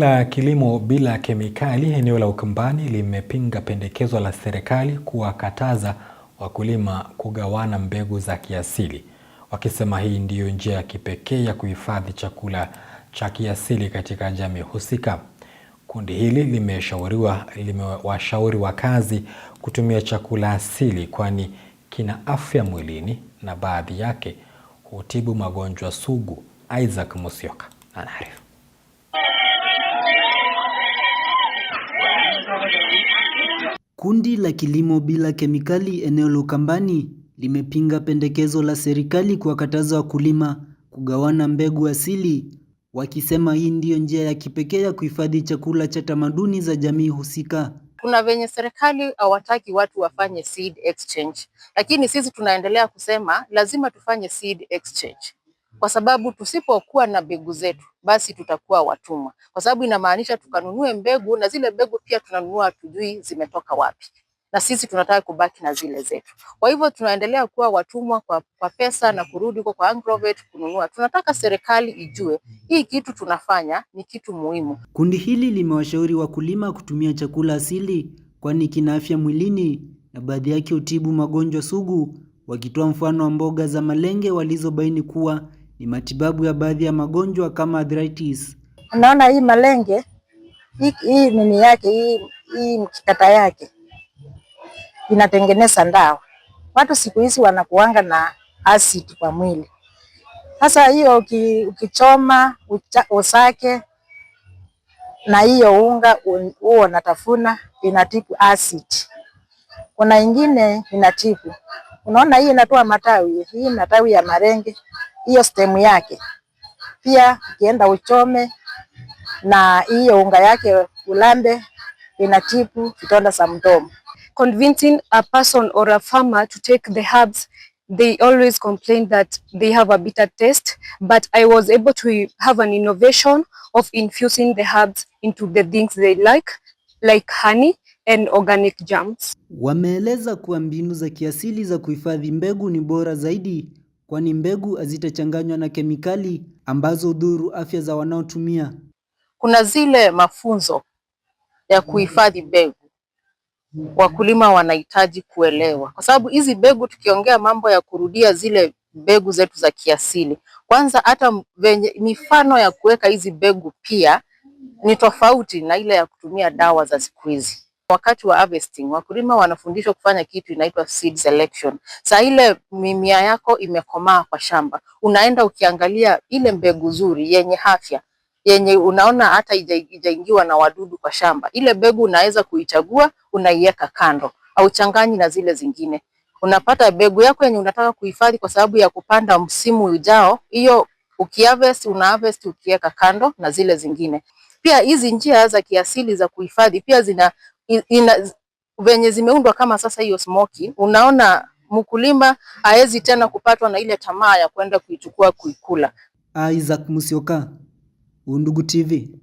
la kilimo bila kemikali eneo la Ukambani limepinga pendekezo la serikali kuwakataza wakulima kugawana mbegu za kiasili, wakisema hii ndiyo njia ya kipekee ya kuhifadhi chakula cha kiasili katika jamii husika. Kundi hili limeshauriwa limewashauri wakazi kutumia chakula asili kwani kina afya mwilini na baadhi yake hutibu magonjwa sugu. Isaac Musyoka anaarifu. Kundi la Kilimo Bila Kemikali eneo la Ukambani limepinga pendekezo la serikali kuwakataza wakulima kugawana mbegu asili, wakisema hii ndiyo njia ya kipekee ya kuhifadhi chakula cha tamaduni za jamii husika. Kuna venye serikali hawataki watu wafanye seed exchange, lakini sisi tunaendelea kusema lazima tufanye seed exchange kwa sababu tusipokuwa na mbegu zetu basi tutakuwa watumwa, kwa sababu inamaanisha tukanunue mbegu na zile mbegu pia tunanunua hatujui zimetoka wapi, na sisi tunataka kubaki na zile zetu. Kwa hivyo tunaendelea kuwa watumwa kwa, kwa pesa na kurudi huko kwa Agrovet kununua. Tunataka serikali ijue hii kitu tunafanya ni kitu muhimu. Kundi hili limewashauri wakulima kutumia chakula asili, kwani kina afya mwilini na baadhi yake hutibu magonjwa sugu, wakitoa mfano wa mboga za malenge walizobaini kuwa ni matibabu ya baadhi ya magonjwa kama arthritis. Unaona hii malenge hii, hii nini yake hii, hii mkikata yake inatengeneza ndawa. Watu siku hizi wanakuanga na asidi kwa mwili, sasa hiyo ukichoma usake na hiyo unga huo unatafuna inatibu asidi. Kuna ingine inatibu, unaona hii inatoa matawi, hii matawi ya marenge hiyo stem yake. Pia ukienda uchome na hiyo unga yake ulambe, inatibu vidonda za mdomo. Convincing a person or a farmer to take the herbs they always complain that they have a bitter taste but I was able to have an innovation of infusing the herbs into the things they like like honey and organic jams. Wameeleza kuwa mbinu za kiasili za kuhifadhi mbegu ni bora zaidi kwani mbegu hazitachanganywa na kemikali ambazo dhuru afya za wanaotumia. Kuna zile mafunzo ya kuhifadhi mbegu, wakulima wanahitaji kuelewa, kwa sababu hizi mbegu, tukiongea mambo ya kurudia zile mbegu zetu za kiasili, kwanza hata venye mifano ya kuweka hizi mbegu pia ni tofauti na ile ya kutumia dawa za siku hizi. Wakati wa harvesting wakulima wanafundishwa kufanya kitu inaitwa seed selection. Saa ile mimea yako imekomaa kwa shamba, unaenda ukiangalia ile mbegu nzuri yenye afya yenye unaona hata ijaingiwa na wadudu kwa shamba, ile mbegu unaweza kuichagua, unaiweka kando, auchanganyi na zile zingine. Unapata mbegu yako yenye unataka kuhifadhi kwa sababu ya kupanda msimu ujao. Hiyo ukiharvest, unaharvest ukiweka kando na zile zingine. Pia hizi njia za kiasili za kuhifadhi pia zina ina, venye zimeundwa kama sasa hiyo smoki, unaona mkulima haezi tena kupatwa na ile tamaa ya kwenda kuichukua kuikula. Isaac Musyoka, Undugu TV.